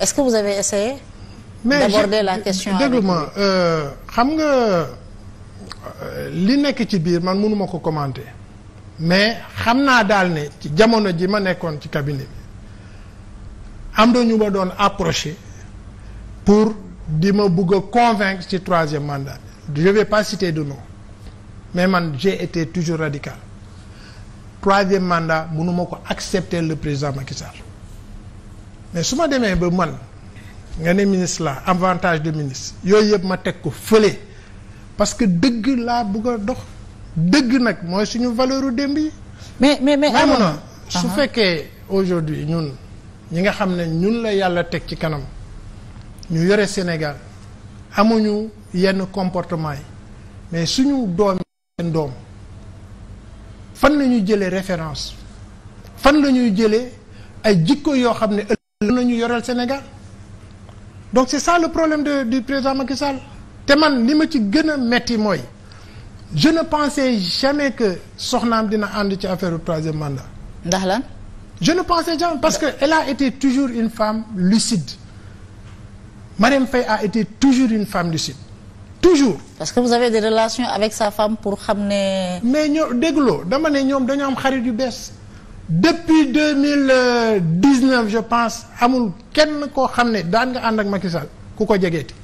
est-ce que vous avez essayé d'aborder la question déglu ma euh, xam nga euh, li nekk ci biir man mënuma ko commenter mais xam naa daal ne ci jamono ji ma nekkoon ci cabinet bi am na ñu ma doon approché pour di ma bugg a convaincre ci troisième mandat je vais pas citer de nom mais man j'ai été toujours radical troisième mandat mënuma ko accepter le président Macky Sall mais su ma demee ba man nga ne ministre la avantage de ministre yooyu yëpp ma teg ko fële parce que dëgg laa bëgg a dox dëgg nag mooy suñu valeur démb yi. mais mais mais amoon su uh-huh. fekkee aujourd'hui ñun ñi nga xam ne ñun la yàlla teg ci kanam ñu yore Sénégal amuñu yenn comportement yi mais suñu doom seen doom fan la ñuy jëlee référence fan la ñuy jëlee ay jikko yoo xam ne. la ñu yoreel Sénégal donc c'est ça le problème de du président Macky Sall te man li ma ci gën a metti mooy je ne pensais jamais que soxnaam dina ànd ci affaire troisième mandat. ndax lan. je ne pensais jamais parce que elle a été toujours une femme lucide Marième Faye a été toujours une femme lucide toujours. parce que vous avez des relations avec sa femme pour xam ne. mais ñoo dégloo dama ne ñoom dañoo am xarit yu bees. depuis deux mille dix neuf je pense amul kenn koo xam ne daan nga ànd ak Macky ku ko jegeeti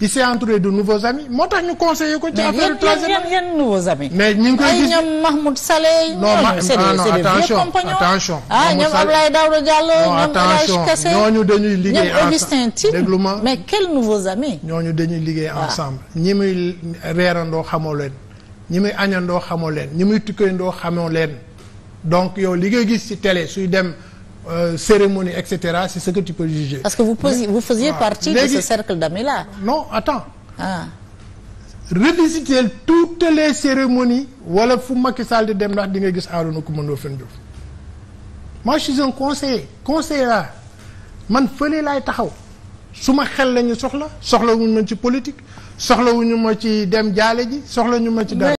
il s'est entouré de nouveaux amis moo tax ñu conseillé ko. ci affaire mais yan nouveaux amis. mais ñu ngi koy gis ay ñoom Mahmoud Saleh. non ma ah, non attention attention. ah ñoom Abdoulaye Daouda Diallo ñoom ñooñu dañuy liggéey ensemble déglu mais quels nouveaux amis. ñooñu dañuy liggéey ensemble. ñi muy reerandoo xamoo leen ñi muy añandoo xamoo leen ñi muy tukkandoo xamoo leen. donc yow li ngay gis ci télé suy dem euh, cérémonie et cetera c'est ce que tu peux juger. parce que vous posiez, vous faisiez partie ah, de ce cercle d'amis là. non attends. ah. revisiter toutes les cérémonies wala fu Macky Sall di dem ndax di nga gis Arouna ko mën Diouf moi je suis un conseiller conseiller laa man fële laay taxaw su ma xel la soxla soxla soxlawuñu ma ci politique soxlawuñu ma ci dem jaale ji soxla ñu ma ci dara